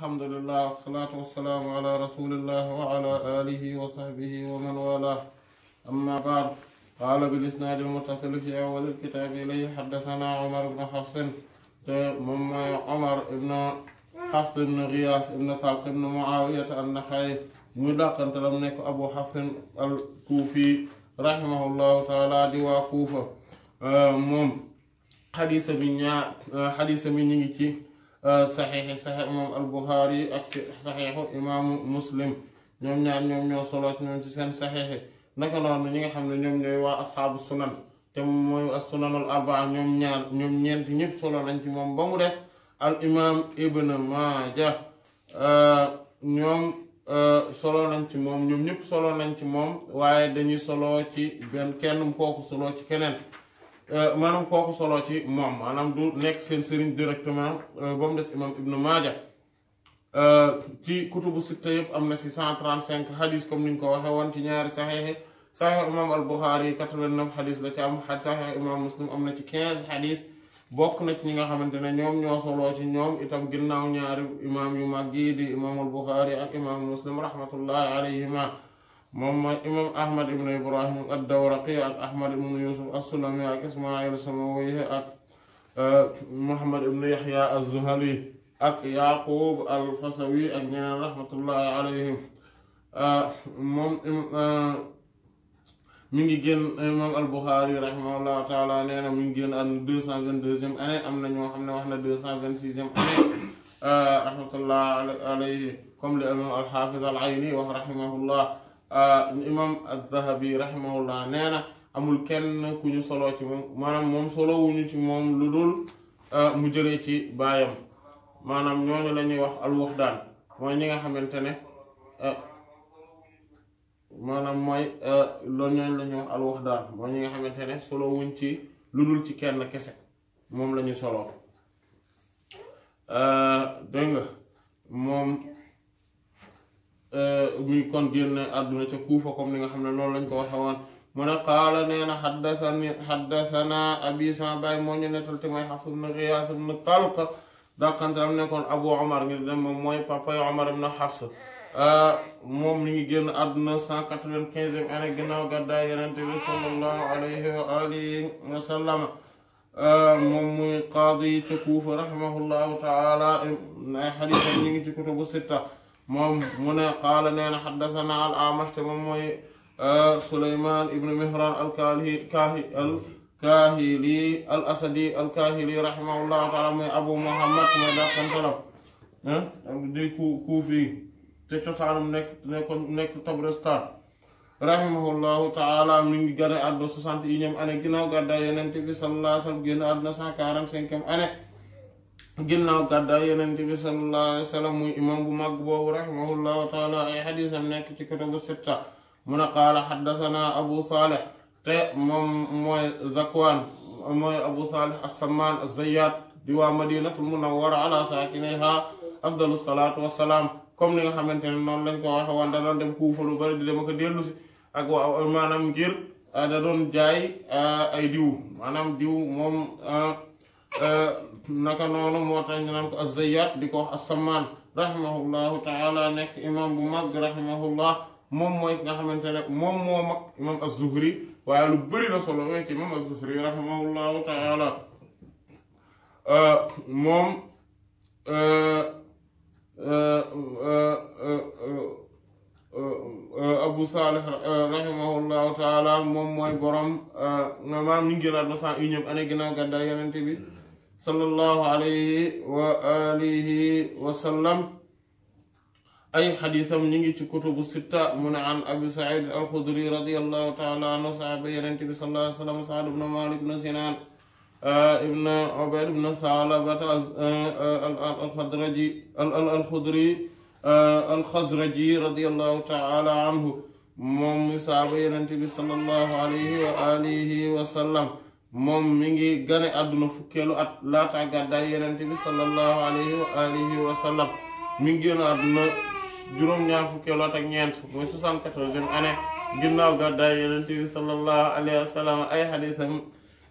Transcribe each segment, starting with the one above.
الحمد لله والصلاة والسلام على رسول الله وعلى آله وصحبه ومن والاه أما بعد قال بالإسناد المتصل في أول الكتاب إليه حدثنا عمر بن حفص مما عمر بن حفص بن غياث بن طلق بن معاوية النخعي muy dàqante lam nekk abu xasan al kuufi rahimahullahu taala di waa kuufa moom حديث من ñaa xadisa bi saxiixi saxiix imaam al-Buxaari ak saxiixu imaamu muslim ñoom ñaar ñoom ñoo solo ci seen saxiixi naka noonu ñi nga xam ne ñoom ñooy waa asxaabu sunan te moom mooy as-sunanul ñoom ñaar ñoom ñëpp solo nañ ci moom ba mu des al imaam Ibn Maaja ñoom solo nañ ci moom ñoom ñëpp solo nañ ci moom waaye dañuy solo ci benn kenn kooku solo ci keneen. Euh, maanaam kooku solo ci moom maanaam du nekk seen sëriñ directement euh, ba mu des imam ibnu maaja euh, ci kutubu sitta yëpp am na ci si 135 xadis comme ni ñu ko waxee woon ci ñaari saxeexi saxeex imam al buxaari 89 xadis la ci am saxeex imam muslim am na ci 15 xadis bokk na ci ñi nga xamante ne ñoom ñoo soloo ñoom itam ginnaaw ñaari imam yu mag yii di imam al buxaari ak imam muslim rahmatullahi alayhima moom mooy imam ahmad ibn ibrahim ad-dawraqi ak ahmad ibn yusuf as-sulami ak ismail samawayhi ak muhammad ibn yahya az-zuhali ak yaqub al-fasawi ak ñeneen rahmatullahi alayhim moom mi ngi génn imam al-bukhari rahimahullahu taala nee na mi ngi génn àdduna deux cent vingt deuxième année am na ñoo xam ne rahmatullahi alayhi comme li imam al-hafiz al-ayni wax rahimahullah Ah, imam az-Zahabi rahimahullah nee na amul kenn ku ñu soloo ci moom maanaam moom solo wuñu ci moom lu dul ah, mu jëlee ci baayam maanaam ñooñu la ñuy wax al-wuxdaan mooy ñi nga xamante ne ah, maanaam mooy loolu ñooñu la ñuy wax al mooy ñi nga xamante ne solo wuñ ci lu dul ci kenn kese moom lañuy solo soloo moom Euh, muy kon génne àdduna ca Kuufa comme ni nga xam ne loolu lañ ko waxe woon mu ne qaala nee xaddasana abi sama baay moo ñu nettal te mooy Xafs ibn Giyaas ibn Kalq dàqantalam nekkoon Abu Omar ngir dem moom mooy papay Omar ibn Xafs euh, moom mi ngi génn àdduna cent quatre-vingt-quinzième année ginnaaw gàddaay Yonent bi sallallahu alayhi wa alihi wa sallam euh, moom muy qaadi ca Kuufa rahimahullahu taala ay xadiisam ñi ngi ci kutubu sitta moom mu ne qaala nee na xaddasana al amash te moom mooy euh, suleyman ibnu mihran al kahi al kaahili al asadi al kaahili rahimahullahu taala mooy abu muhammad mooy dàqantalam di ku kuufi te cosaanum nekk nekkoon nekk Tabaristan rahimahullahu taala mi ngi gane àdduna soixante et unième année ginnaaw gàddaay Yonent bi sallallahu alayhi wa sallam génn àdduna cent quarante-cinquième année ginnaaw gàddaay yonent bi sallallahu alayhi wa sallam muy imam bu mag boobu rahimahullahu taala ay xadisam nekk ci kutubu sitta mu ne qaala xaddasanaa abu saalih te moom mooy zakwaan mooy abu saalih assamaan azzayaat di waa madinatul munawwara ala saakinihaa afdalu salaatu wassalaam comme ni nga xamante ne noonu lañ ko waxe woon da doon dem kuufa lu bari di dama ko dellu si ak waa maanaam ngir da doon jaay ay diw maanaam diw moom naka noonu moo tax ñu naan ko az-Zayyat di ko wax as-Sammaan rahimahullahu taala nekk imam bu mag rahimahullah moom mooy nga xamante ne moom moo mag imam az-Zuhri waaye lu bëri la solo moom Abu Salih rahimahullahu taala moom mooy borom maam ñu ngi jëlaat na cent unième année ginnaaw gàddaay Yonent bi صلى الله عليه وآله وسلم أي حديث من نجي كتب الستة من عن أبي سعيد الخدري رضي الله تعالى عنه صحابة ينتبه صلى الله عليه وسلم سعد بن مالك بن سنان آه، ابن عبيد بن ثعلبة آه، آه، الخدرجي الخدري الخزرجي رضي الله تعالى عنه مم mi saaba yenente الله عليه وآله وسلم moom mi ngi gane àdduna fukkeelu at laata gàddaay yenente bi sallallahu alayhi wa alihi wa sallam mi ngi génn àdduna juróom-ñaar fukkeelu at ak ñeent mooy soixante-quatorzième année ginnaaw gàddaay yenente bi sallallahu alayhi wa sallam ay xadiisam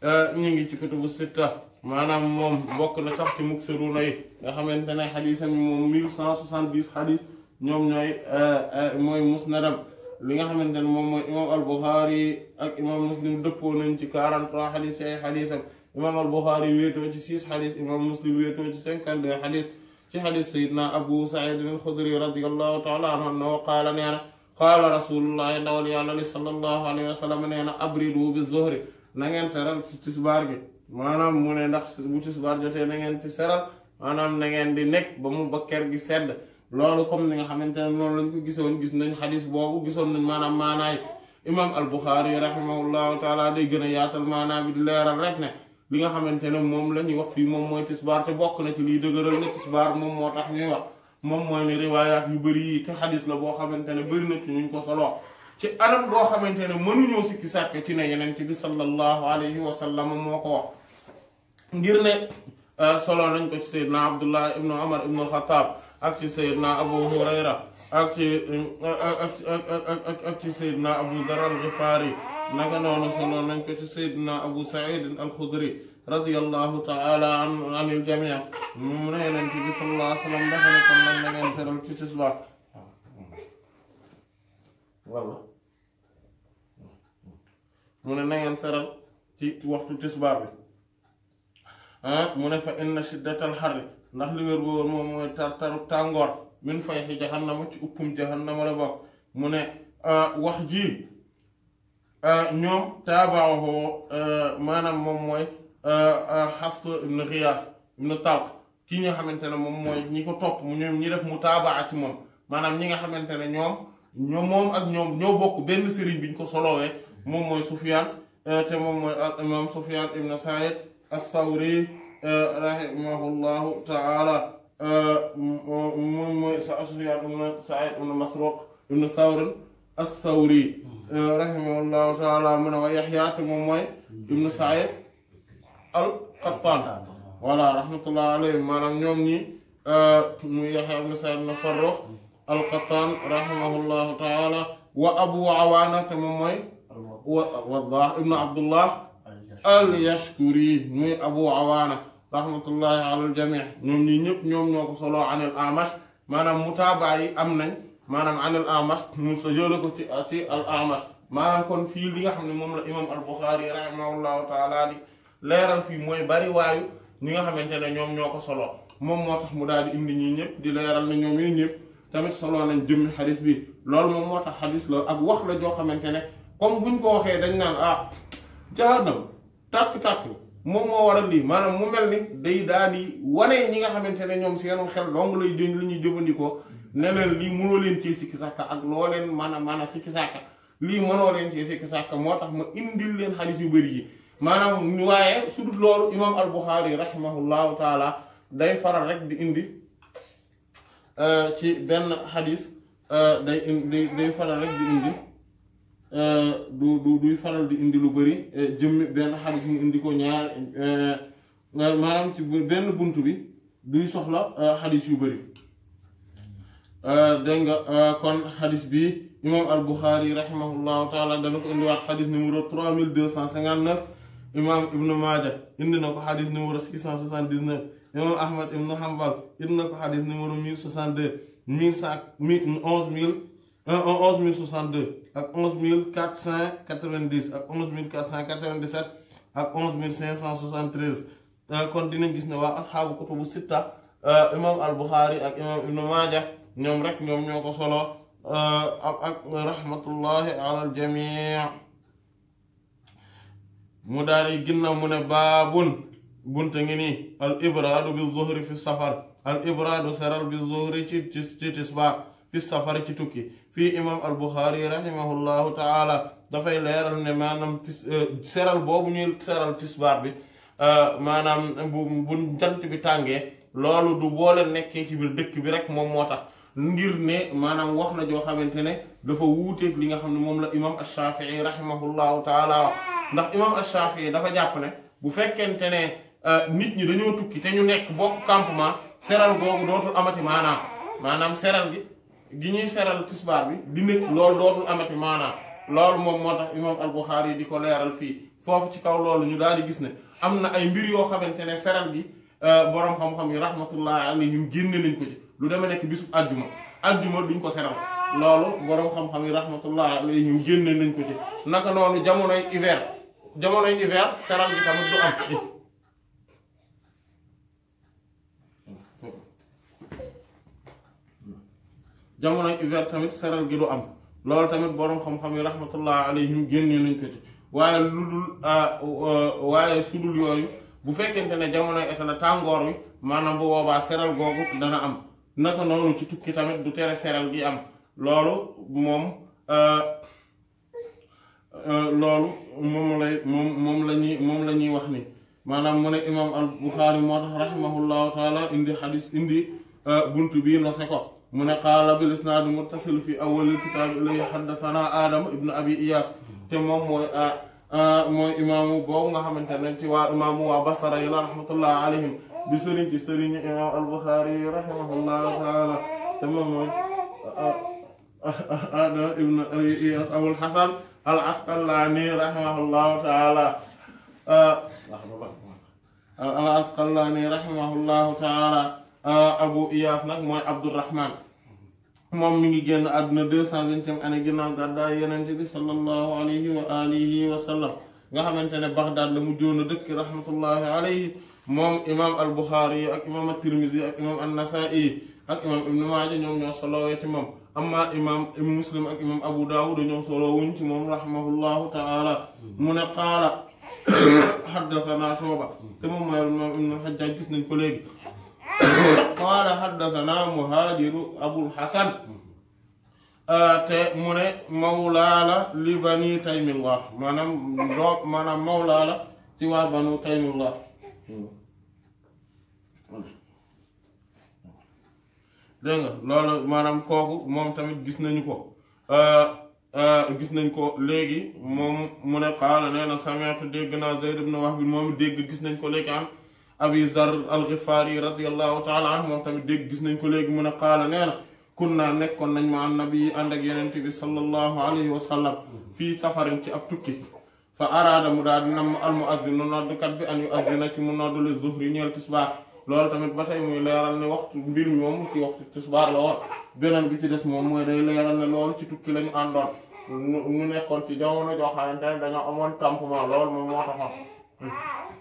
euh, ñu ngi ci kutubu sitta maanaam moom bokk na sax ci muksiruuna yi nga xamante ne xadiisam moom mille cent soixante-dix xadiis ñoom ñooy euh, euh, mooy musnadam li nga xamante ne moom mooy imaam al buxaari ak imaam muslim dëppoo nañ ci 43 xadis ci ay xadisam imaam al buxaari wéetoo ci 6 xadis imaam muslim wéetoo ci 52 xadis ci xadis sayidna abu said al xudri radiallahu taala anhu annahu qaala nee na qaala rasulullahi ndawal yàlla li sallallahu alayhi wa sallam nee na abridu bi zuhri na ngeen seral ci tisbaar gi maanaam mu ne ndax bu tisbaar jotee na ngeen ci seral maanaam na ngeen di nekk ba mu ba kër gi sedd loolu comme ni nga xamante ne noonu lañ ko gisoon gis nañ xadis boobu gisoon nañ maanaam maanaay imam al buxaari rahimahullahu taala day gën a yaatal maanaa bi di leeral rek ne li nga xamante ne moom la ñuy wax fii moom mooy tisbaar te bokk na ci liy dëgëral ne moom moo tax moom mooy ne riwaayaat yu bëri yi te xadis la boo xamante ne bëri na ci ñu ko solo ci anam boo xamante ne mënuñoo sikki sàkk ci ne yenent bi sallallahu alayhi wa sallam moo ko wax ngir ne euh, solo nañ ko ci seydna abdullah ibnu omar ibnu alxataab أكتي سيدنا أبو هريرة أكتي سيدنا أبو ذر الغفاري نحن نصنع لنك سيدنا أبو سعيد الخضري رضي الله تعالى عن عن الجميع ممرين أنت صلى الله عليه وسلم دخل كل من من سلم تجسبا والله من أن ينسر تي وقت تجسبا ها من فإن شدة الحرب ndax li wér boobu moom mooy tartaru tàngoor min fay fayxi jahannama ci uppum jahannama la bokk mu ne wax ji ñoom taabaaxoo maanaam moom mooy Hafs ibn Ghiyaas ibn Talq ki nga xamante ne moom mooy ñi ko topp mu ñoom ñi def mu taabaa ci moom maanaam ñi nga xamante ne ñoom ñoom moom ak ñoom ñoo bokk benn sëriñ biñ ñu ko solowee moom mooy Sufyaan te moom mooy imam imaam Sufyaan ibn Sa'iid as-Sawri أه، رحمه الله تعالى مم أه، سعيد من مسروق بن ثور الثوري أه، رحمه الله تعالى من ويحيى مم بن سعيد القطان ولا رحمة الله عليه ما لم يومني ويحيى بن سعيد المفرق القطان رحمه الله تعالى وأبو عوانة مم والضاح ابن عبد الله اليشكري مي أبو عوانة rahmatullahi alal jamii ñoom ñii ñëpp ñoom ñoo ko soloo anil amash maanaam mutaabaa yi am nañ maanaam anil amash mu sa jële ko ci ci al maanaam kon fii li nga xam ne moom la imam al buxaari rahimahullahu taala di leeral fii mooy bari waayu ñi nga xamante ne ñoom ñoo ko solo moom moo tax mu daal di indi ñii ñëpp di leeral ne ñoom ñii ñëpp tamit soloo nañ jëmmi xadis bi loolu moom moo tax xadis la ak wax la joo xamante ne comme buñ ko waxee dañ naan ah jahannam tàkk moom moo waral lii maanaam mu mel ni day daal di wane ñi nga xamante ne ñoom seen xel dong lay jëñ lu ñuy jëfandikoo ne lii mu mënoo leen ci sikki sàkka ak loo leen maanaam maanaam sikki sàkka lii mënoo leen ci sikki sàkka moo tax ma indil leen xadis yu bëri yi maanaam waaye su dul loolu imaam al-Bukhari rahimahullahu taala day faral rek di indi euh, ci benn xadiis euh, day day faral rek di indi Euh, du du duy faral di indi lu bëri euh, jëmmi benn xadis mu indi ko ñaar euh, maanaam ci benn bunt bi duy soxla xadis yu bëri dégg nga kon xadis bi imam al buxaari rahimahullahu taala dana ko indiwaat xadis numéro 3259 imam ibnu maaja indi na ko xadis numéro 679 imam ahmad ibnu hambal indi na ko xadis numéro 1062 11 Euh, onze mille soixante deux ak onze mille quatre cent quatre vingt dix ak onze mille quatre cent quatre vingt dix sept ak onze mille cinq cent soixante treize euh, kon dinañ gis ne waa asxaabu kutubu sitta euh, imam al buxaari ak imam ibnu maaja ñoom rek ñoom ñoo ko solo ak ak rahmatullahi ala al jamii mu daal di ginnaaw mu ne baabun bunte ngi nii al ibraadu bi zuhri fi safar al ibraadu seral bi zuhri ci ci ci tisbaa fi safar ci tukki fii imam al buxaari rahimahullahu taala dafay leeral ne maanaam seral boobu ñuy seral tisbaar bi maanaam bu bu jant bi tàngee loolu du boole nekkee ci biir dëkk bi rek moom moo ngir ne maanaam wax na joo xamante ne dafa wuuteeg li nga xam ne la imam ashafii rahimahullahu taala ndax imam ashafii dafa jàpp ne bu fekkente ne nit ñi dañoo tukki te ñu nekk bokk campement seral googu dootul amati manam maanaam seral gi gi ñuy seral tisbaar bi di nekk loolu dootul amati maanaam loolu moom moo tax imaam al-Bukhari di ko leeral fii foofu ci kaw loolu ñu daal di gis ne am na ay mbir yoo xamante ne seral gi euh, borom xam-xam yi rahmatullahi alayhim génne nañ ko ci lu deme nekk bisub ajjuma ajjuma duñ ko seral loolu borom xam-xam yi rahmatullahi alayhim génne nañ ko ci naka noonu jamonoy hiver jamonoy hiver seral gi tamit du am jamono hiver tamit seral gi du am loolu tamit borom xam-xam yi rahmatullah alayhim génnee nañ ko ci waaye lu dul ah, euh, waaye sudul yooyu bu fekkente ne jamono été la tàngoor wi maanaam bu boobaa seral googu dana am naka noonu ci tukki tamit du tere seral gi am loolu moom euh, euh, loolu moom lay moom la ñuy moom la ñuy wax ni maanaam mu ne imaam al buxaari moo tax rahimahullahu taala indi xadis indi bunt bii nose ko من قال بالاسناد المتصل في اول الكتاب الى حدثنا ادم ابن ابي اياس تمم مو مو امام بو nga xamantene ci wa imam wa basra yalla rahmatullah alayhim bi serign ci serign imam al-bukhari rahimahullah ta'ala tamam ادم ابن ابي اياس ابو الحسن العسقلاني رحمه ta'ala ا رحمه الله رحمه الله تعالى Euh, abu iyaas nag mooy abdurahman moom mi ngi génn àdduna deux cent vingtième année ginnaaw gàddaay yenente bi sallallahu alayhi wa alihi wa sallam nga xamante ne Baghdad la mu joon a dëkk rahmatullahi alayhi moom imam al buxaari yi ak imam at-tirmisi ak imam an-nasaa'i ak imam ibnu maaja moom amma imam muslim ak imam abu daawud ñoom solowuñ ci moom rahimahullahu taala mu ne qaala xaddathana shuba te moom mooy imam ibnu xajjaaj gis nañ ko léegi qaala xaddasanaa muhaajiru abul xasan mm-hmm. uh, te mu ne mawlaala li bani taymillah maanaam doom maanaam mawlaala ci waa banu taymillah dégg nga loolu maanaam kooku moom tamit gis nañu ko uh, uh, gis nañ ko léegi moom mu ne qaala nee na sami'tu dégg naa Zayd ibn Wahb moom dégg gis nañ ko léegi am abi zar alxifaari radiallahu taala anhu moom tamit dégg gis nañ ko léegi mun a qaala nee na kunna nekkoon nañ ma annabi ànd ak yenent bi sallallahu alayhi wa sallam fii safarin ci ab tukki fa araada mu daal di namm al muaddinu noddkat bi an yu addina ci mu noddule zuhri ñeel tisbaar loolu tamit ba tey muy leeral ne waxtu mbir mi moom ci waxtu tisbaar la woon beneen bi ci des moom mooy day leeral ne loolu ci tukki lañu àndoon mu nekkoon ci jamono joo xamante ne dañoo amoon campement loolu moom moo taxoon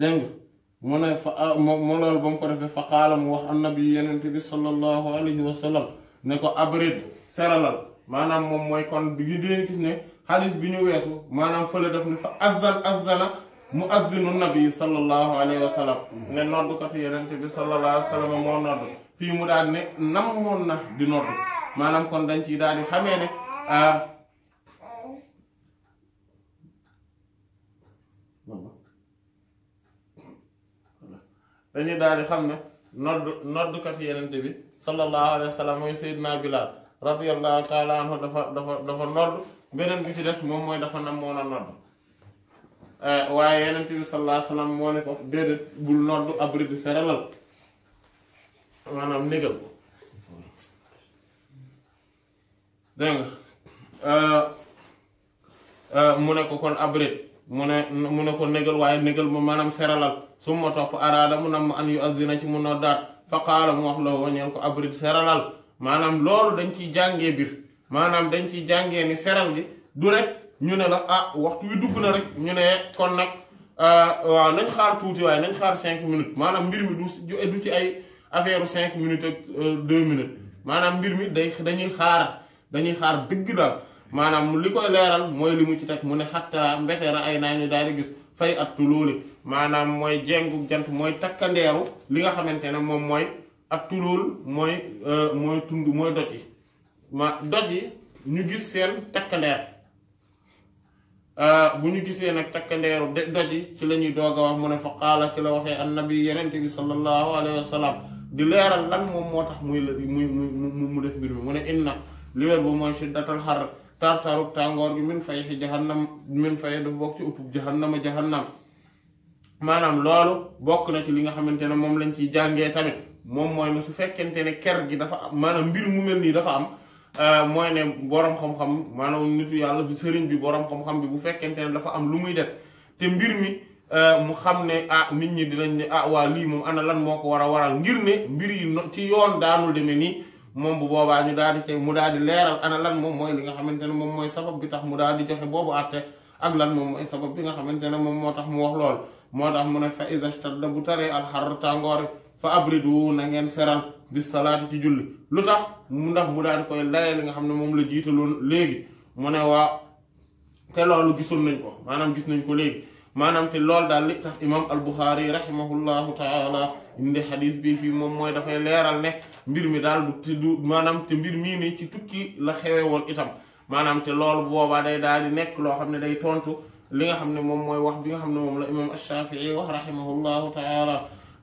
dégg mu ne fa ah, mu loolu ba mu ko defee fa qaala mu wax annabi yenente bi sallallahu alayhi wa sallam ne ko abrid seralal maanaam moom mooy kon bi ngeen gis ne xadis bi ñu weesu maanaam fële def ne fa azan azana mu azinu nabi sallallahu alayhi wa sallam ne noddukatu yenente bi sallallahu alayhi wa moo nodd fii mu daal ne nam moon na di nodd maanaam kon dañ ciy daal di xamee ne ah, dañuy daal di xam ne nodd noddkat yenente bi sallallahu alayhi wa sallam mooy Seydina Bilal radiyallahu taala anhu dafa dafa dafa nodd beneen bi ci des moom mooy dafa nam moo a nodd eh, waaye yenente bi sallallahu alayhi wa sallam moo ne ko déedéet bul nodd eh, eh, mu ne kon abrit mu ne mu ne ko négal waaye négal ma maanaam seralal summa topp araada mu namm an yu azzina ci mu noddaat fa qaala mu wax loo wañeen ko abrid seralal maanaam loolu dañ ciy jàngee biir maanaam dañ ciy jàngee ni seral gi du ñu ne la ah waxtu wi dugg ñu ne kon nag ah, waaw nañ xaar tuuti waaye nañ xaar cinq minutes maanaam mbir mi du du ci ay affaire cinq minutes ak euh, deux minutes maanaam mbir mi day dañuy xaar dañuy xaar dëgg daal maanaam li koy leeral mooy li mu ci teg mu ne xatta mbeteera ay naa ñu daal di gis fay at maanaam mooy jengu jant mooy takkandeeru li nga xamante ne moom mooy at tulóol mooy euh, mooy tund mooy doj yi ma doj ñu gis seen takkandeer euh, bu ñu gisee nag takkandeeru doj yi ci la ñuy doog wax mu ne fa ci la waxee annabi yenente bi sallallahu alayhi wa sallam di leeral lan moom moo tax muy muy mu mu def mbir mi mu ne inna li wér ba mooy shiddatal xar tartaruk tàngoor gi min fay xi jahannam min fay dafa bokk ci ëppub jahannama jahannam maanaam loolu bokk na ci li nga xamante ne moom lañ ciy jàngee tamit moom mooy ne su fekkente ne ker gi dafa am maanaam mbir mu nii dafa am euh, mooy ne boroom maanaam nitu bi sëriñ bi boroom xam bi bu fekkente ne dafa am lu muy def te mbir mi euh, mu xam ne ah nit ñi dinañ ne ah waa lii moom ana lan moo ko war a waral ngir ne mbir yi ci yoon daanul demee nii moom bu boobaa ñu daal di cay mu daal di leeral ana lan moom mooy li nga xamante ne moom mooy sabab bi tax mu daal di joxe boobu àtte ak lan moom mooy sabab bi nga xamante ne moom moo tax mu wax lool moo tax mu ne fa iza stadda bu taree alxar tàngoori fa abridu na ngeen seral bi salaati ci julli lu tax mu ndax mu daal di koy layee li nga xam ne moom la jiitaloon léegi mu ne waa te loolu gisul nañ ko maanaam gis nañ ko léegi maanaam te loolu daal li tax imam al buxaari rahimahullahu taala indi xadis bi fii moom mooy dafay leeral ne mbir mi daal du du maanaam te mbir mii nii ci tukki la xewe woon itam maanaam te loolu boobaa day daal di nekk loo xam ne day tontu li nga xam ne moom mooy wax bi nga xam ne moom la imaam Ash-Shafi'i wax rahimahullahu taala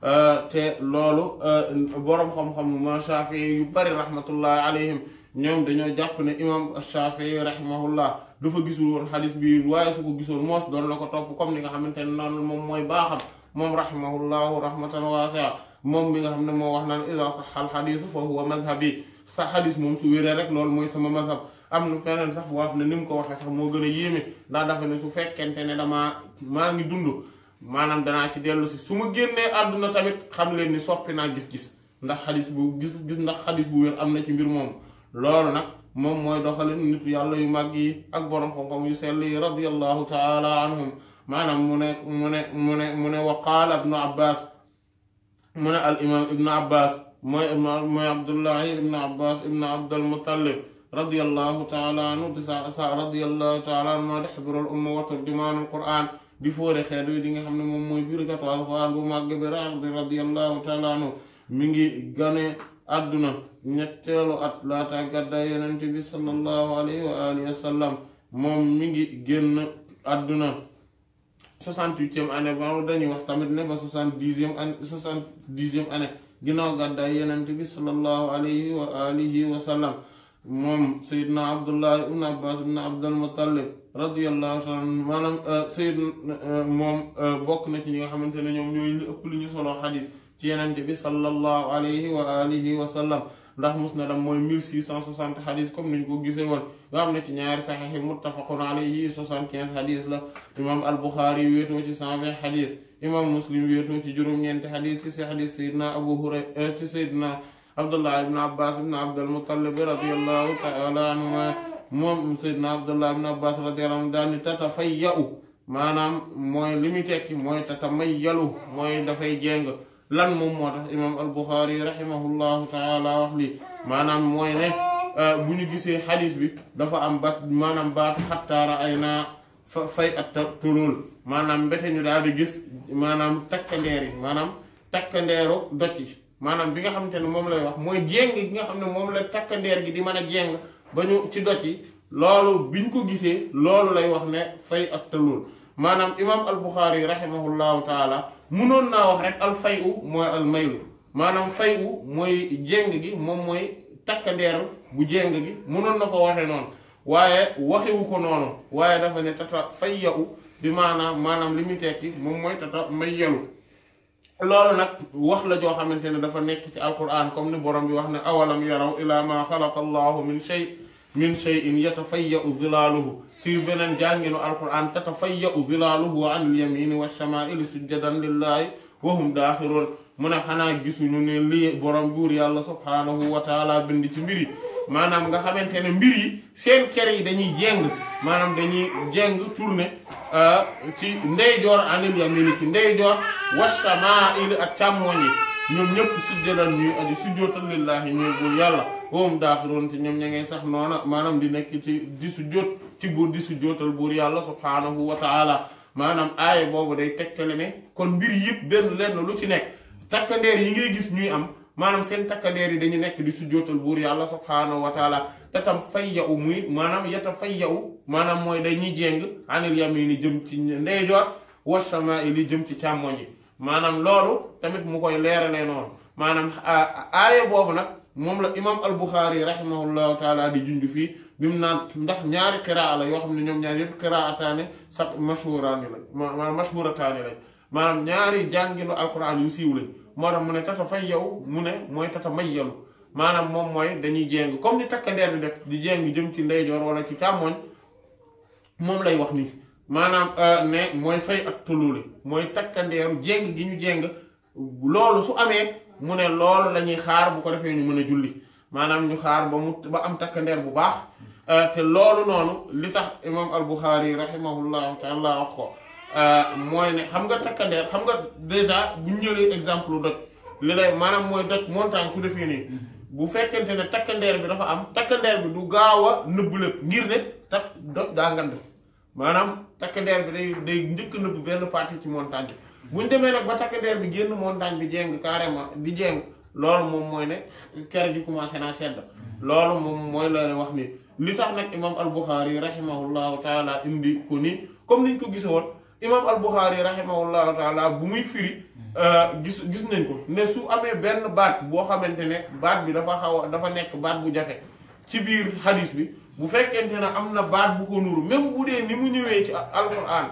euh, te loolu euh, boroom xam-xam ma Shafi'i yu bari rahmatullahi alayhim ñoom dañoo jàpp ne imaam Ash-Shafi'i rahimahullah dafa gisul woon xadis bi waaye su ko gisoon moos la ko topp comme ni nga xamante ne noonu moom mooy baaxam moom rahimahullahu rahmatan waasi'a moom mi nga xam ne moo wax naan iza saxal xadiisu fa huwa mazhabi sa xadis moom su wéree rek loolu mooy sama mazhab am na feneen sax wax ne ko waxee sax moo gën a yéeme ndax dafa ne fekkente ne damaa maa ngi dund maanaam danaa ci dellu si su ma àdduna tamit xam leen ni soppi naa gis-gis ndax xadis bu gis gis ndax xadis bu wér am na ci mbir moomu loolu nag moom mooy doxalin yu mag yi ak borom xam yu sell yi radiyallahu taala anhum mu ne mu ne mu ne mu ne wa qaala ibnu abbas من الإمام ابن عباس ما ما عبد الله ابن عباس ابن عبد المطلب رضي الله تعالى عنه رضي الله تعالى عنه تحضر الأمة وترجمان القرآن بفور خير دين حمد مموي في ركعة الفجر بما قبر رضي الله تعالى عنه من جنة أدنى نتلو أتلا تعتقد أن النبي صلى الله عليه وآله وسلم مم من جنة أدنى soixante-huitième année ba dañuy wax tamit ne ba soixante-dixième année soixante-dixième année ginnaaw gàddaay yenente bi sallallahu alayhi wa alihi wa sallam moom sayidna abdullah ibn abbas ibn abdul muttalib radiyallahu taala maanaam euh, sayid euh, moom euh, bokk na ci ñi nga xamante ne ñoom ñu ëpp lu ñu solo xadis ci yenente bi sallallahu alayhi wa alihi wa sallam ndax musnadam mooy 1660 xadis comme niñ ko gisee woon nga xam ne ci ñaari saxiix yi muttafaqun alayhi 75 xadis la imaam al-Buxaari wéetoo ci 120 xadis imaam muslim wéetoo ci juróom-ñeenti xadis ci si xadis Seydina Abu Hurayra euh, ci Seydina Abdullah ibn Abbas ibn Abdul Muttalib radiyallahu taala anhuma moom Seydina Abdullah ibn Abbas radiyallahu anhu daal ni tatafayyu maanaam mooy li muy tekki mooy tatamayyalu mooy dafay jéng. lan moom moo tax imaam al-Bukhari rahimahullahu taala wax lii maanaam mooy ne euh, bu ñu gisee xadis bi dafa am ba maanaam baatu xattaara ay naa fa fay atta tulul maanaam mbete ñu daal di gis maanaam takkandeer yi maanaam takkandeeru doj yi maanaam bi nga xamante ne moom lay wax mooy jéng gi nga xam ne moom la takkandeer gi di man a jéng ba ñu ci doj yi loolu bi ñu ko gisee loolu lay wax ne fay atta lool maanaam imaam al-Bukhari rahimahullahu taala mënoon naa wax rek al fay u mooy al maylu maanaam fay u mooy jéng gi moom mooy takkandeer bu jéng gi mënoon na ko waxe noonu waaye waxewu ko noonu waaye dafa ne tata fay ya u bi maanaam maanaam li muy tekki moom mooy tata may yalu loolu nag wax la joo xamante ne dafa nekk ci alquran comme ni borom bi wax ne awalam yaraw ila ma xalaqa allahu min shay min shay'in yatafayya zilaaluhu تير بنن جانغلو القران تتفيا ظلاله عن اليمين والشمائل سجدا لله وهم داخلون من خنا غيسونو ني لي بوروم بور يالله سبحانه وتعالى بند تي ميري مانام غا خامتيني ميري سين كيري داني جينغ مانام داني جينغ تورني ا آه، تي ندي جور ان اليمين تي ندي والشمائل اتاموني ñoom ñëpp sujjadan ñuy aji sujjootan lillaahi ñuy buur yàlla woom daaxiroon te ñoom ña ngay sax noona maanaam di nekk ci di sujjoot ci buur di sujjootal buur yàlla subhaanahu wa taala maanaam aaya boobu day tegtale ne kon mbir yëpp benn lenn lu ci nekk takkandeer yi ngay gis ñuy am maanaam seen takkandeer yi dañu nekk di sujjootal buur yàlla subhaanahu wa taala te tam fay yaw muy maanaam yata fay yaw maanaam mooy dañuy jéng anil yamini jëm ci ndeyjoor wa shamaa'ili jëm ci càmmoñ yi maanaam loolu tamit mu koy leeralee noonu maanaam aaya boobu nag moom la imam al-Bukhari rahimahullahu taala di junj fii bi mu naan ndax ñaari qiraa la yoo xam ne ñoom ñaari yëpp qiraataani sax mashhuraani lañ maanaam mashhurataani lañ maanaam ñaari jàngilu alquran yu siiw lañ moo tax mu ne tata fay yow mu ne mooy tata mayyalu maanaam moom mooy dañuy jéng comme ni takkandeer bi def di jéng jëm ci ndeyjoor wala ci càmmoñ moom lay wax nii maanaam euh, ne mooy fay ak tulluuli mooy takkandeeru jéng gi ñu jéng loolu su amee mu ne loolu la xaar bu ko defee ñu mën a julli maanaam ñu xaar ba mu ba am takkandeer bu baax euh, te loolu noonu li tax imaam al-Bukhari rahimahullahu taala wax ko euh, mooy ne xam nga takkandeer xam nga déjà bu ñu jëlee exemple lu doj li lay maanaam mooy doj montagne su defee nii bu fekkente ne takkandeer bi dafa am takkandeer bi du gaaw a nëbb lépp ngir ne tak doj daa ngand maanaam takk ndeer bi day day njëkk nëbb benn partie ci montagne bi bu ñu demee nag ba takk ndeer bi génn montagne bi jéng carrément di jéng loolu moom mooy ne kër gi commencé naa sedd loolu moom mooy la wax ni li tax nag imaam al-Bukhari rahimahullahu taala indi ko nii comme niñ ko gisoon imaam al-Bukhari rahimahullahu taala bu muy firi euh, gis gis nañ ko ne su amee benn baat boo xamante ne baat bi dafa xaw a dafa nekk baat bu jafe ci biir hadis bi. bu fekkente ne am na baat bu ko nuru même bu dee ni mu ñëwee ci alquran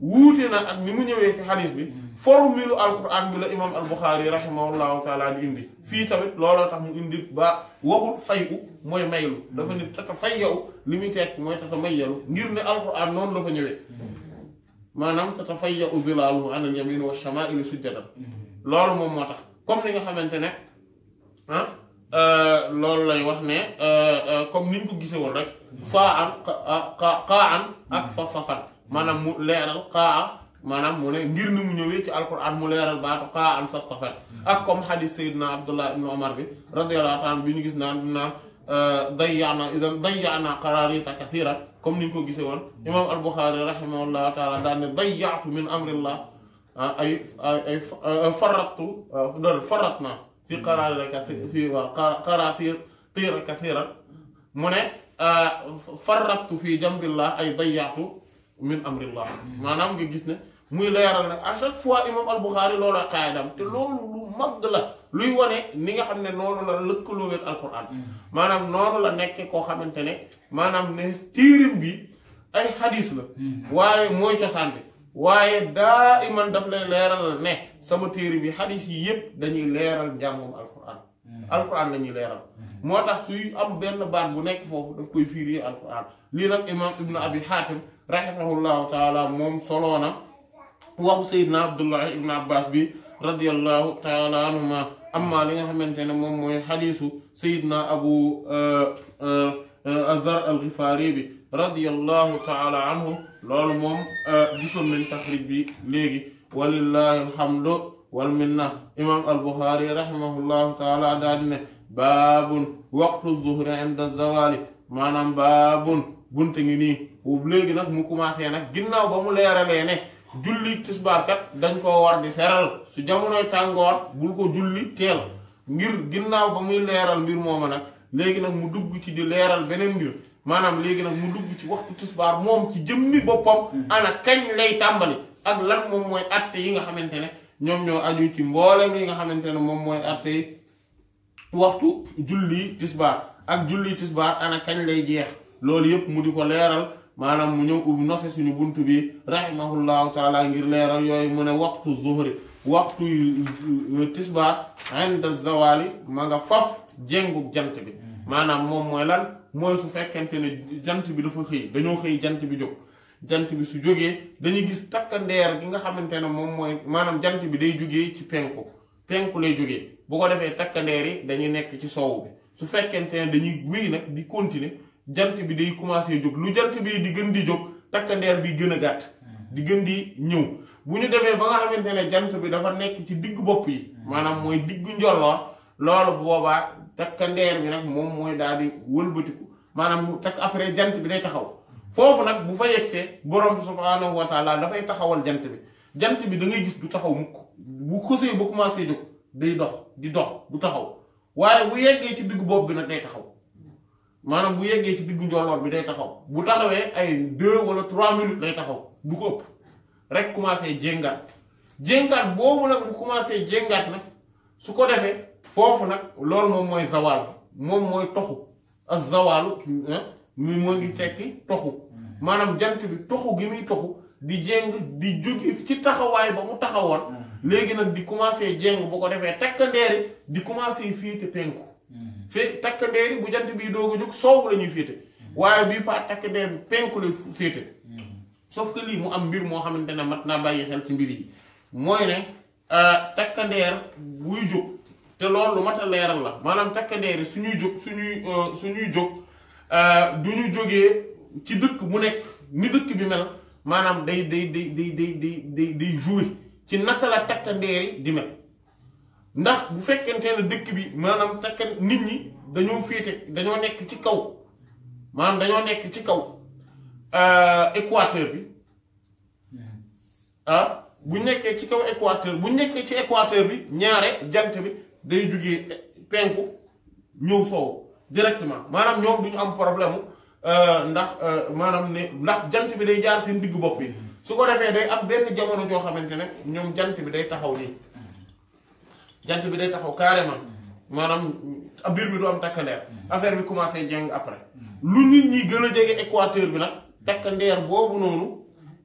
wuute na ak ni mu ñëwee ci xadis bi formule alquran bi la imam al-Bukhari rahimahullahu taala di indi fii tamit looloo tax mu indi ba waxul fayu mooy maylu dafa nit tata fayaw li muy tekk mooy tata mayalu ngir ne alquran noonu la fa ñëwee maanaam tata fayaw zilaaluhu an al yamin wa shamaili sujjadan mm-hmm. loolu moom moo tax comme ni nga xamante ne ah, Euh, loolu lay wax ne euh, euh, comme niñ ko gisee woon rek saa am xaa an ak saf maanaam mu leeral xaa maanaam mu ne ngir ni mu ñëwee ci mu leeral baatu xaa an saf-safan ak comme xadis saydna abdullah ibn bi radiyallahu bi ñu gis naan bi naan dayyana idan dayyana qararita kathiran comme niñ ko gisee woon imam al-Bukhari rahimahullahu taala daan ne dayyatu min amrillah ay في قرار كثير في قراطير طير كثيرا من فرطت في جنب الله أي ضيعت من أمر الله maanaam nga gis ne muy leeral nag à chaque fois imam al-Bukhari loolu la qaaydaam te loolu lu mag la luy wane ni nga xam ne noonu la lëkkaloo ak alquran maanaam noonu la nekkee koo xamante ne maanaam ne tiirim bi ay xadis la waaye mooy cosaan bi waaye daa iman daf lay leeral ne sama téere bi xadis yi yépp dañuy leeral njàngum alquran hmm. alquran la ñuy leeral hmm. moo tax suy am benn baat bu nekk foofu daf koy firi alquran lii nag imam ibnu abi xaatim rahimahullahu taala moom soloona waxu saydna abdullahi ibnu abbas bi radiallahu taala anhuma amma li nga xamante ne moom mooy xadisu sayidna abu uh, uh, uh, azar alxifaari bi radiallahu taala anhu loolu moom euh, gisoon nañ taxrij bi léegi walillahi alhamdu wal minna imam al-Bukhari rahimahullahu taala daa di ne baabun waqtu zuhri inda zawali maanaam baabun bunte ngi nii léegi nag mu commencé nag ginnaaw ba mu leeralee ne julli tisbaar kat dañ ko war seral su jamonoy tàngoor bul ko julli teel ngir ginnaaw ba muy leeral mbir mooma nag léegi nag mu dugg ci di leeral beneen mbir maanaam léegi nag mu dugg ci waxtu tisbaar moom ci jëmmi boppam. Mm-hmm. ana kañ lay tàmbali. ak lan moom mooy atte yi nga xamante ne ñoom ñoo aju ci mboolem yi nga xamante ne moom mooy atte waxtu julli tisbaar ak julli tisbaar ana kañ lay jeex loolu yépp mu di ko leeral maanaam mu ñëw ubbi nose suñu bunt bi rahimahullahu taala ngir leeral yooyu mu ne waxtu zuhri waxtu tisbaar inda zawali ma nga faf jéngub jant bi mm-hmm. maanaam moom mooy lan mooy su fekkente ne jant bi dafa xëy dañoo xëy jant bi jóg jant bi su jógee dañuy gis takkandeer bi nga xamante ne moom mooy maanaam jant bi day jógee ci penku penku lay jógee bu ko defee takkandeer yi dañuy nekk ci soow su fekkente ne dañuy wéy nag di continuer jant bi day commencer jóg lu jant bi di gën di jóg takkandeer bi gën a gàtt di gën di ñëw bu ñu demee ba nga xamante ne jant bi dafa nekk ci digg bopp yi maanaam mooy diggu njolloor loolu boobaa takka ndeer bi nag moom mooy daal di maanaam mu takk après jant bi day taxaw foofu nag bu fa yegsee borom subhaanahu wa taala dafay taxawal jant bi jant bi da ngay gis du taxaw mukk bu xësee ba commencé jóg day dox di dox du taxaw waaye bu yeggee ci diggu bopp bi nag day taxaw maanaam bu yeggee ci diggu njolloor bi day taxaw bu taxawee ay deux wala trois minutes lay taxaw du ko ëpp rek commencé jéngaat jéngaat boobu nag bu commencé jéngaat nag su ko defee foofu nag loolu moom mooy zawal moom mooy toxu ak zawaalu mi moo ngi tekki toxu maanaam jant bi toxu gi muy toxu di jéng di jóge ci taxawaay ba mu taxawoon léegi nag di commencé jéng boo ko defee takk di commencé féete penku fee takk ndeeri bu jant bii doog a jóg soowu la ñuy féete waaye bii pas takk bi penku la féete sauf que lii mu am mbir moo xamante ne mat naa bàyyi xel ci mbir yi mooy ne euh, takk buy jóg te loolu lu mat a leeral la maanaam takk der suñuy jóg suñuy euh, suñuy jóg euh, du ñu jógee ci dëkk bu nekk ni dëkk bi mel maanaam day day day day day ci naka la takk der yi di mel ndax bu fekkente ne dëkk bi maanaam takk nit ñi dañoo féete dañoo nekk ci kaw maanaam dañoo nekk ci kaw euh, équateur bi ah bu nekkee ci kaw équateur bu nekkee ci équateur bi ñaare jant bi. day jugee penku ñëw soow directement maanaam ñoom du am problème euh, ndax euh, maanaam ne ndax jant bi day jaar seen diggu bopp yi su ko defee day ab benn jamono joo xamante ne ñoom jant bi day taxaw nii jant bi day taxaw carrément maanaam mbir bi du am takkandeer affaire bi commencé jàng après lu nit ñi gën a jege équateur bi nag takkandeer boobu noonu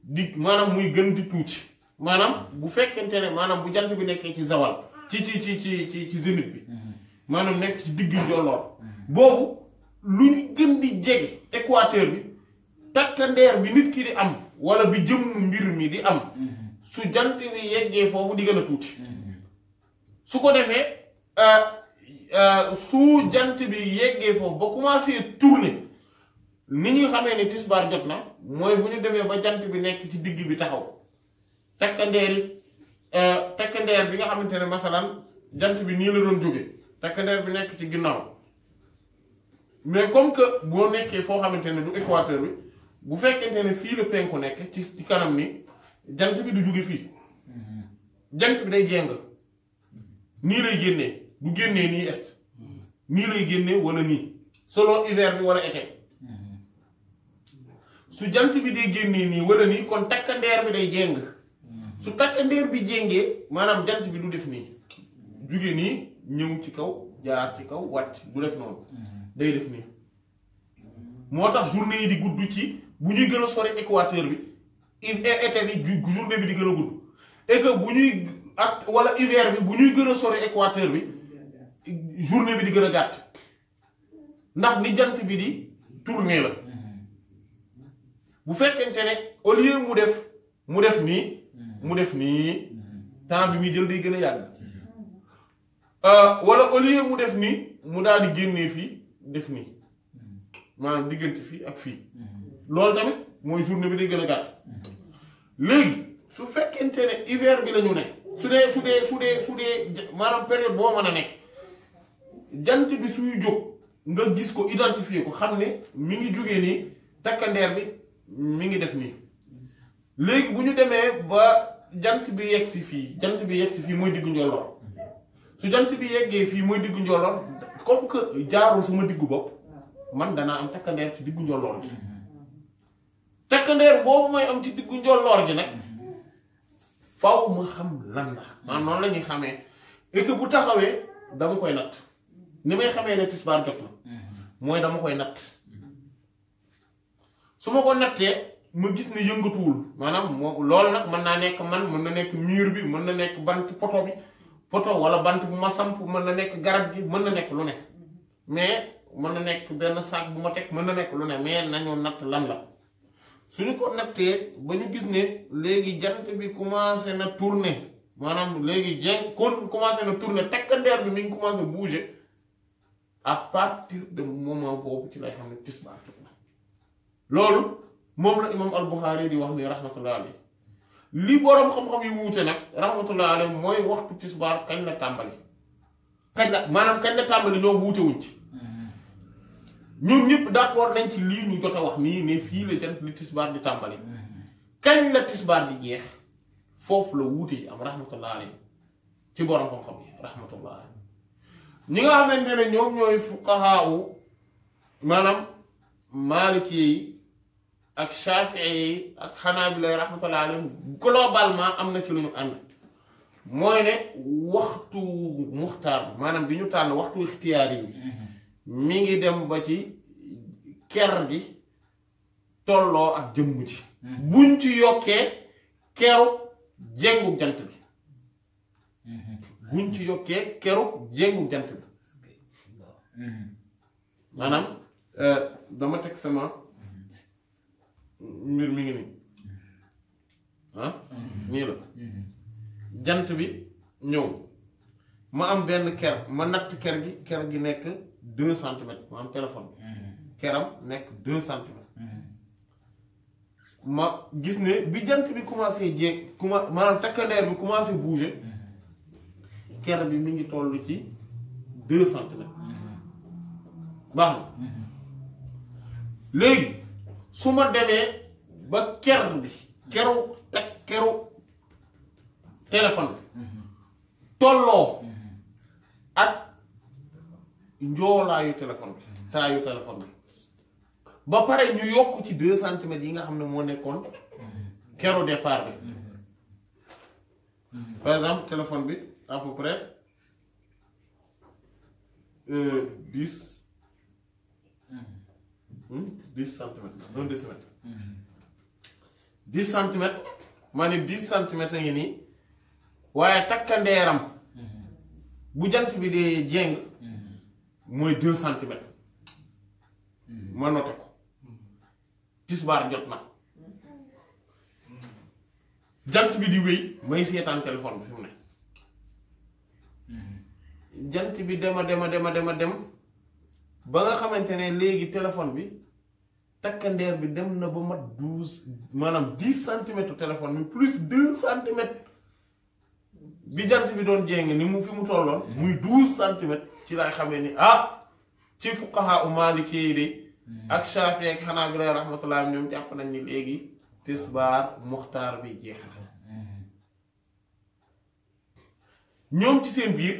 di maanaam muy gën di tuuti maanaam bu fekkente ne maanaam bu jant bi nekkee ci zawal ci ci ci ci ci ci zénith bi mhm. maanaam nekk ci digg njolloor boobu lu ñu gën di jege équateur bi takkandeer bi nit ki di am wala bi jëmm mbir mi di am mhm. su jant bi yeggee foofu di gën a tuuti mhm. su ko defee euh, euh, su jant bi yeggee foofu ba commencé tourner ni ñuy xamee ni tisbaar jot na mooy bu ñu demee ba jant bi nekk ci digg bi taxaw takkandeer yi Euh, takk ndeer bi nga xamante ne masalan jant bi nii la doon jóge takkandeer bi nekk ci ginnaaw mais comme que boo nekkee foo xamante ne du équateur bi bu fekkente ne fii la penku nekk ci ci kanam ni jant bi du jóge fii jant bi day jéng nii lay génnee du génnee nii est nii lay génnee wala nii solo hiver bi war a été su jant bi day génnee nii wala nii kon takkandeer bi day jéng su takk ndéer bi jéngee maanaam jant bi du def nii jóge nii ñëw ci kaw jaar ci kaw wàcc du def noonu mm-hmm. day def nii moo tax journée yi di gudd ci bu ñuy gën a sori équateur bi eh, été bi journée bi di gën a gudd et que bu wala hiver bu ñuy gën a sori équateur bi journée bi di gën a gàtt ndax ni jant bi di tourner la mm-hmm. bu fekkente ne au mu def mu def nii mu def nii mhm. temps bi muy jël day gën a yàlla euh, wala au lieu mu def nii mu daal di génnee fii def nii mhm. maanaam diggante fii ak fii mhm. loolu tamit mooy journée bi day gën a gàtt léegi su fekkente ne hiver bi la ñu ne su dee su dee su dee su dee maanaam période boo mën a nekk jant bi suy jóg nga gis ko identifier ko xam ne mi ngi jógee nii takkandeer bi mi ngi def nii léegi bu ñu demee ba jant bi yegg si fii jant bi yegg fii muy diggu njolloor su jant bi yeggee fii mooy diggu njolloor comme que jaarul suma diggu bopp man danaa am takkandeer ci diggu njolloor gi takkandeer boobu mooy am ci diggu njolloor gi nag faw ma xam lan la maanaam noonu la ñuy xamee bu taxawee dama koy natt ni may xamee ne tisbaar jot na mooy dama koy natt su ma ko nattee ma gis ne yëngatuwul maanaam moo loolu nag mën naa nekk man mën na nekk miir bi mën na nekk bant poto bi poto wala bant bu ma samp mën na nekk garab gi mën na nekk lu ne mais mën na nekk benn saak bu ma teg mën na nekk lu ne mais nañoo natt lan la suñu ko nattee ba ñu gis ne léegi jant bi commencé na tourner maanaam léegi jeng kon commencé na tourner takkandeer bi mi ngi commencé bouger à partir de moment boobu ci lay xam ne tisbaar jot na loolu moom la imam al di wax ni rahmatullah alayhi li boroom xam-xam yu wuute nag rahmatullah alayhi mooy waxtu tisbaar kañ la tàmbali kañ la maanaam kañ la tàmbali ñoom wuute wuñ ci ñun ñëpp d'accord nañ ci lii ñu jot a wax nii ne tisbaar di tàmbali kañ la tisbaar di jeex foofu la wuute yi am rahmatullah alayhi ci boroom xam-xam yi rahmatullah ñi nga xamante ne ñoom ñooy fuqahaa maanaam maaliki ak shafi'i ak Xanaabila rahmatullah alayhim globalement amna ci luñu ànd moy ne waxtu muxtar manam biñu tan waxtu ixtiyaar yi mi ngi dem ba ci ker gi tolo ak jëm ci buñ ci yoké kéro jéngu jant bi buñ ci yoké kéro jéngu jant bi manam euh dama tek sama mbir mi ngi nii ah nii la jant bi ñëw ma am benn ker ma natt ker gi ker gi nekk deux centimètres ma am téléphone bi keram nekk deux centimètres ma gis ne bi jant bi commencé jéeg commencé maanaam takkandeer bi commencé bouger ker bi mu ngi toll ci deux centimètres baax na léegi su ma demee ba ker bi keru te keru téléphone bi tolloo ak njoolaayu téléphone bi taayu téléphone bi ba pare ñu yokk ci deux centimètres yi nga xam ne moo nekkoon keru départ bi par exemple téléphone bi à peu près euh, dix Hmm? dix centimètres un décimètre mm-hmm. dix ni dix centimètres a ngi nii waaye takkandeeram mm-hmm. bu jant bi dee jéng mm-hmm. mooy deux centimètres ma noté ko tisbaar jot na jant bi di wéy may seetaan téléphone bi fi mu ne jant bi dema dema dema dema dem ba nga xamante ne léegi téléphone bi takkandeer bi dem na ba mat douze maanaam dix centimètres téléphone bi plus deux centimètres bi jant bi doon jéng ni mu fi mu tolloon muy douze centimètres ci lay xamee ni ah ci fuqaha u maliki yi de ak Shafi ak Hanabila rahmatullah ñoom jàpp nañ ni léegi tisbaar muxtaar bi jeex na ñoom ci seen biir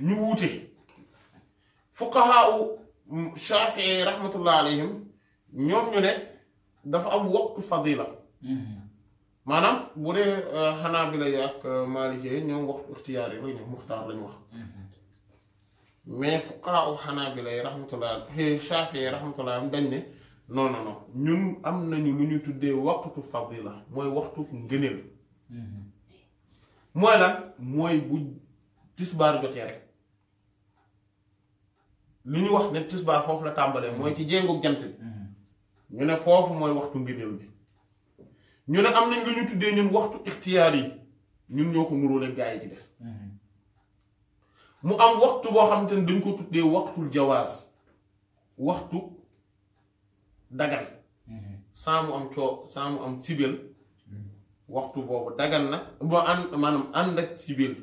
ñu wuute fuqahaa Shaafi'i rahmatullah alayhim ñoom ñu ne dafa am waqtu fadila maanaam bu dee Hanaabila yi ak Maalikee ñoom waxtu ixtiyaar yi la ñu muxtaar lañu wax mais fuqahaa Hanaabila yi rahmatullah Shaafi'i rahmatullah am dañ ne non non non ñun am nañu lu ñu tuddee waqtu fadila mooy waxtu ngëneel mooy lan mooy bu tisbaar jotee rek li ñu wax ne tisbaar foofu la tàmbalee mooy ci jéngu jant bi mm-hmm. ñu ne foofu mooy waxtu ngëneel bi ñu ne am na lu ñu tuddee ñun waxtu ixtiyaar yi ñun ñoo ko nuróole gaa yi ci des mm-hmm. mu am waxtu boo xam te ne dañ ko tuddee waxtul jawaas waxtu dagan mm-hmm. saa mu am coo saa mu am cibel waxtu boobu dagan na boo ànd maanaam ànd ak cibel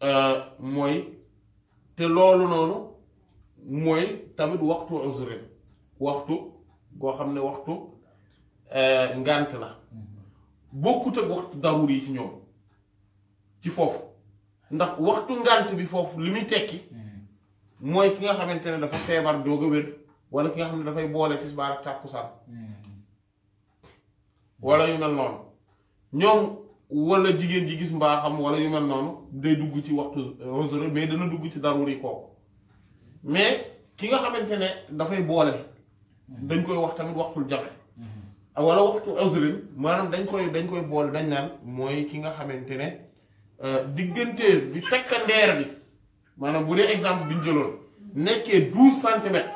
euh, mooy te loolu noonu mooy tamit waxtu uzrin waxtu goo xam ne waxtu euh, ngànt la bokkut ak waxtu darur yi ci ñoom ci foofu ndax waxtu ngànt bi foofu li muy tekki mooy ki nga xamante ne dafa feebar doog a wér wala ki nga xam ne dafay boole tisbaar tàkku tàkkusaan hmm. wala yu mel noonu ñoom wala jigéen ji gis mbaaxam wala yu man noonu day dugg ci waxtu rosere mais dana dugg ci daruri kooku mais ki nga xamante ne dafay boole dañ koy wax tamit waxtul jame wala waxtu ausrin maanaam dañ koy dañ koy boole dañ naan mooy ki nga xamante ne euh, diggante bi takkandeer bi maanaam bu dee exemple bi ñu jëloon nekkee douze centimètres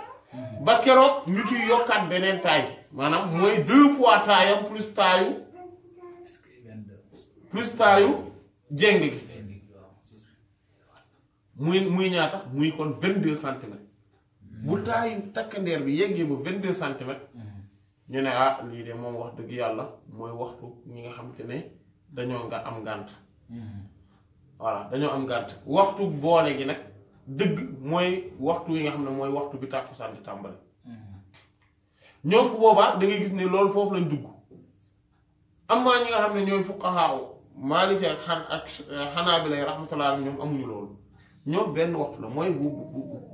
ba keroog ñu ciy yokkaat beneen taay maanaam mooy deux fois taayam plus taayu plus taa yu gi muy muy ñaata muy kon vingt deux centimètres bu taayu takkandeer bi yeggee ba vingt de centimètres ñu ne ah lii de moom wax dëgg yàlla mooy waxtu ñi nga xam ne dañoo nga am ngànt voilà dañoo am ngànt waxtu boole gi nag dëgg mooy waxtu yi nga xam ne mooy waxtu bi tàkkusaan di tàmbali ñoom boobaa da gis ni loolu foofu lañ dugg am ñi nga xam ne ñooy fuqahaa Maaliki ak xan ak Xanaabila rahmatullahi alayhim ñoom amuñu loolu ñoom benn waxtu la mooy bu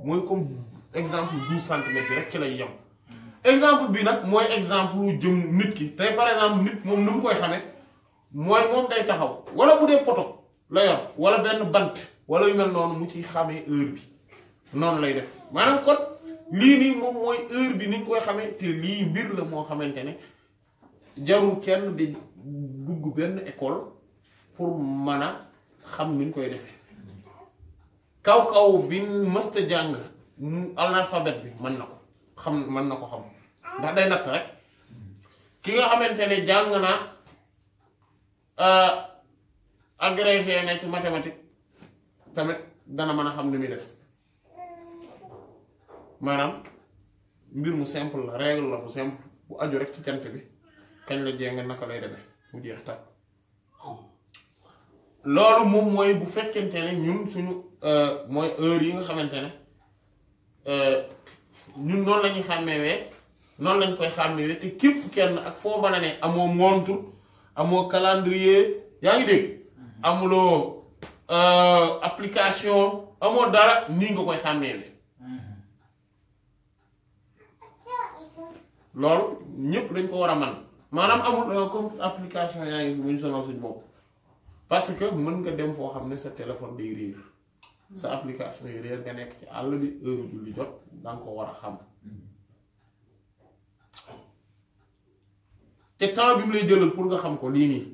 mooy comme exemple douze centimètres yi rek ci lay yem. exemple bi nag mooy exemple lu jëm nit ki tey par exemple nit moom nu mu koy xamee mooy moom day taxaw wala bu dee poto la yor wala benn bant wala yu mel noonu mu ci xamee heure bi noonu lay def maanaam kon lii nii moom mooy heure bi ni mu koy xamee te lii mbir la moo xamante ne jarul kenn di dugg benn école. pour mën a xam nuñ koy defee kaw kaw bi mësta jàng alphabet bi mën na ko xam mën na ko xam ndax day natt rek ki nga xamante ne jàng naa euh, agrégé na ci mathématique tamit dana mën a xam ni muy def maanaam mbir mu simple la règle la bu simple bu aju rek ci jant bi kañ la jéng naka lay demee mu jeex tàkk loolu moom mooy bu fekkente ne ñun suñu euh, mooy heure yi nga xamante ne euh, ñun noonu lañuy ñuy xàmmewee noonu lañ koy xàmmewee te képp kenn ak foo mën ne amoo montre amoo calendrier yaa ngi dégg mm-hmm. amuloo euh, application amoo dara nii nga koy xàmmewee mm-hmm. loolu ñépp dañ ko war a man maanaam amul comme application yaa ngi bu ñu sonal bopp parce que mën nga dem foo xam ne sa téléphone day réer sa application yi réer nga nekk ci àll bi heure julli jot danga ko war a xam te temps bi mu lay jëlal pour nga xam ko lii nii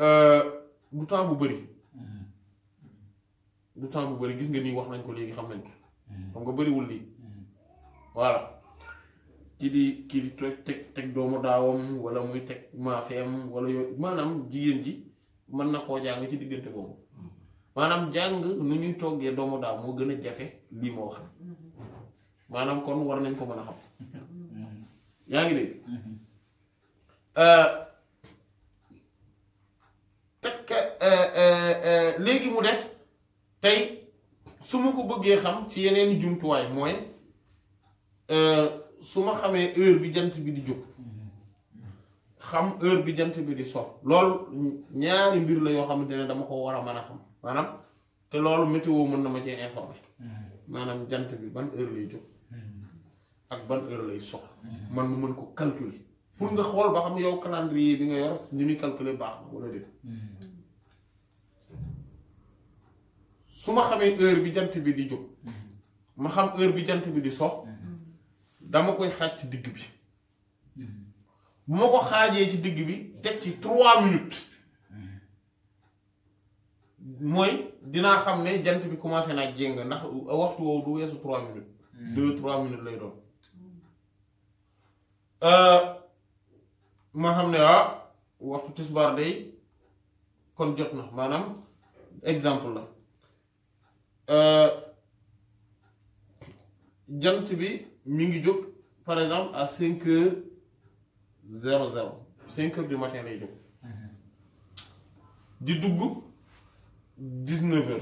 euh, du temps bu bëri du temps bu bëri gis nga nii wax nañ ko léegi xam nañ hmm. xam nga bëriwul lii hmm. voilà ci di kii di teg teg doomu daawam wala muy teg maafeem wala yooyu maanaam jigéen ji mën na koo jàng ci diggante boobu mm-hmm. maanaam jàng nu ñuy toggee doomu daaw moo gën a jafe lii ma wax mm-hmm. maanaam kon war nañ ko mën a xam mm-hmm. yaa ngi dégg euh, takk euh, euh, léegi mu def tey su ma ko bëggee xam ci yeneen jumtuwaay mooy. su ma xamee heure bi jant bi di jóg xam heure bi jant bi di so loolu ñaari mbir la yoo xamante ne dama ko war a mën a xam maanaam te loolu météo mën na ma cee informer maanaam jant bi ban heure lay jóg ak ban heure lay so man mu mën ko calculer pour nga xool ba xam yow calendrier bi nga yor ni muy baax na wala déet su ma xamee heure bi jant bi di jóg ma xam heure bi jant bi di so dama koy xaaj ci digg bi bu ma ko xaajee ci digg bi teg ci trois minutes mooy dinaa xam ne jant bi commencé naa jéng ndax waxtu woowu du weesu trois minutes deux trois minutes lay doon euh, ma xam ne ah waxtu tisbaar day kon jot na maanaam exemple la euh, jant bi Mingjok par exemple à 5h00. 5h du matin le jour. Didou 19h.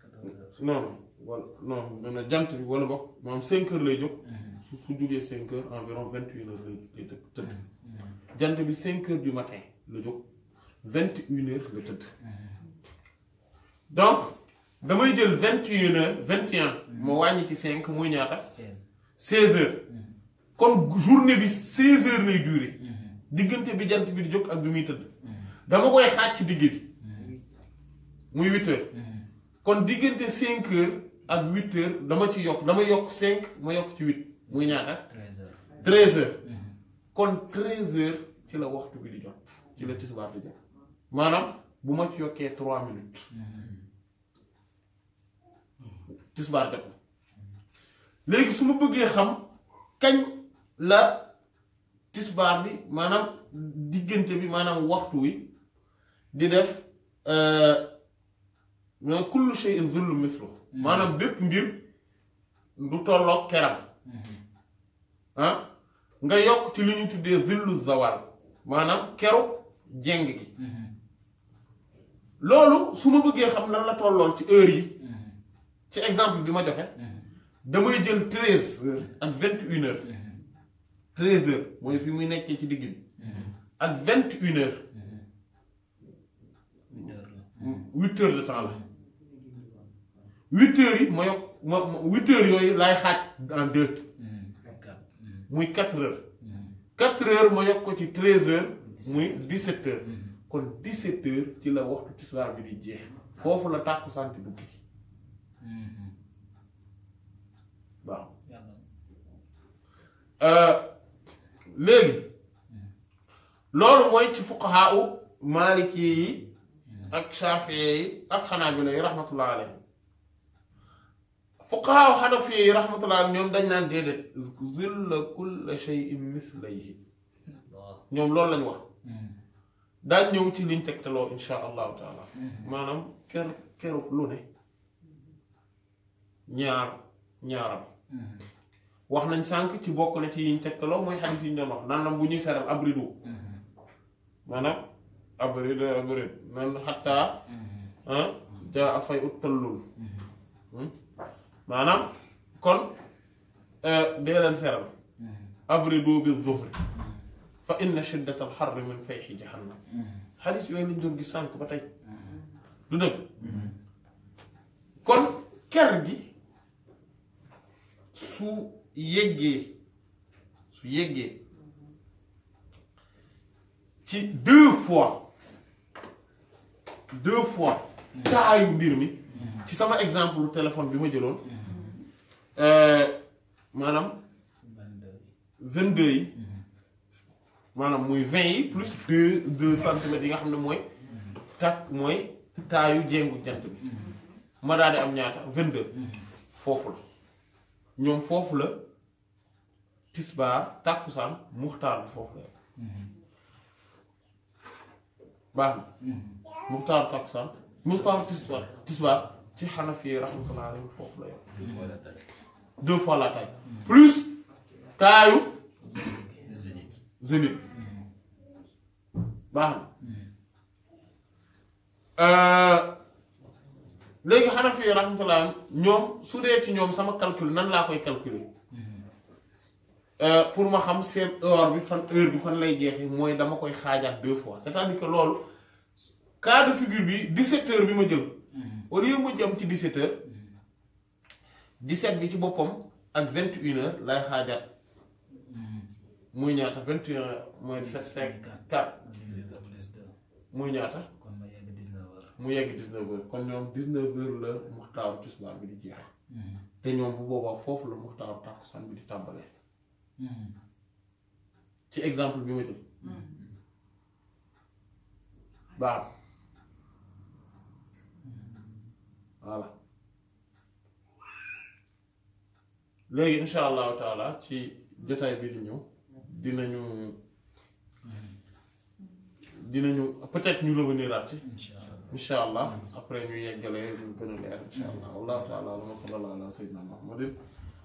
14h. Non, non. 5h le jour. sous sous 5h, environ 21h le tête. 5h du matin, le jour. 21h le tête. Donc damay jël 21 h 21, heures vais 5, ma ci heures. 16, mm-hmm. journée de 16 heures lay durer. Mm-hmm. diggante bi jant bi di jóg ak bi muy tëdd. Mm-hmm. dama koy xaaj ci 8. heures. kon heures ak 8 heures dama ci 5, dama vais ma yokk ci 13 13 heures. kon 13 heures ci la waxtu bi di jot. la di trois minutes. tisbaar jot léegi su ma bëggee xam kañ la tisbaar bi maanaam diggante bi maanaam waxtu wi di def euh, maanaam kullu shay'in zullu mislu maanaam bépp mbir du tolloog keram ah nga yokk ci li ñu tuddee zullu zawal maanaam keru jeng gi mm-hmm. loolu su ma bëggee xam lan la tollool ci heure yi mm-hmm. ci exemple bi ma joxe damay jël 13 à 21 h 13 h je fi muy nekkee ci digg bi ak 21 heures 8 heures de temps 8 h yi ma yokk 8 h en deux 4 mmh. heures 4 mmh. heures je yokk ko ci 13 heures muy 17 heures mmh. kon 17 heures ci la waxtu tisbar bi di jeex foofu la tàkku sànti dugg waaw léegi loolu mooy ci fuqahaa u maaliki yi ak shaafiye yi ak xanaabila yi rahmatullah alayhi fuqahaa u xanafiye yi rahmatullah alayhi ñoom dañ naan déedéet zilla kulla shay'in mislayhi ñoom loolu lañ wax daañ ñëw ci liñ tegtaloo insha allahu taala maanaam ker keru lu ne ñaar ñaaram wax nañ sànq ci bokk na ci yiñ tegtaloo mooy xadis yi ñu doon wax naan la bu ñuy seral ab maanaam ab rido ab rido jaa a fay ut tallul hmm? maanaam kon eh, dee leen seral ab rido bi zuhri fa inna shiddatal xarri min fayxi jahannam xadis yooyu lañ doon gis sànq ba tey du dëgg kon ker gi su yegge su ci deux fois deux fois taayu mbir mi ci sama exemple téléphone bi ma jëloon euh, madame 22 plus 2 deux centimètres yi nga xam moy tak moy ñoom foofu la tisbaar tàkkusaan muxtaar bi foofu la baax na mm-hmm. muxtaar tàkkusaan muxtaar tisbaar tisbaar ci xanafi rahmatullah alayhi foofu la yem deux fois la taille plus taayu mm-hmm. baax na mm-hmm. euh, léegi xanafi yi rahmatullah ñoom su dee ci ñoom sama calcul nan laa koy calculer hmm. euh, pour ma xam seen heure bi fan heure bi fan lay jeexee mooy dama koy xaajaat deux fois c'est-à-dire loolu cas de figure bi 17 bi ma jël hmm. au lieu ma jëm ci 17 heures 17 hmm. bi ci boppam ak 21 heures lay xaajaat muy ñaata 21 heures mooy 17 54 muy ñaata. mu yegg dix-neuf heures kon ñoom dix la muxtaaru tisbaar bi di jeex hmm. te ñoom bu boobaa foofu la muxtaaru tàkkusaan bi di tàmbalee hmm. ci exemple bi ma jël hmm. baax voilà léegi insha allahu taala ci jotaay bi di ñëw dinañu dinañu peut-être ñu revenir ci incha allah après ñu yeggale ñu gën a leer incha allah wallahu taala alama sallallahu ala sayyidina muhammadin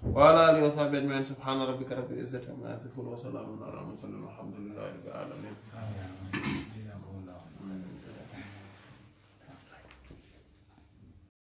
wa ala alihi wa sahbihi ajmain subhana rabbika rabbil izzati amma yasifun wa salamun ala mursalin walhamdulillahi rabbil alamin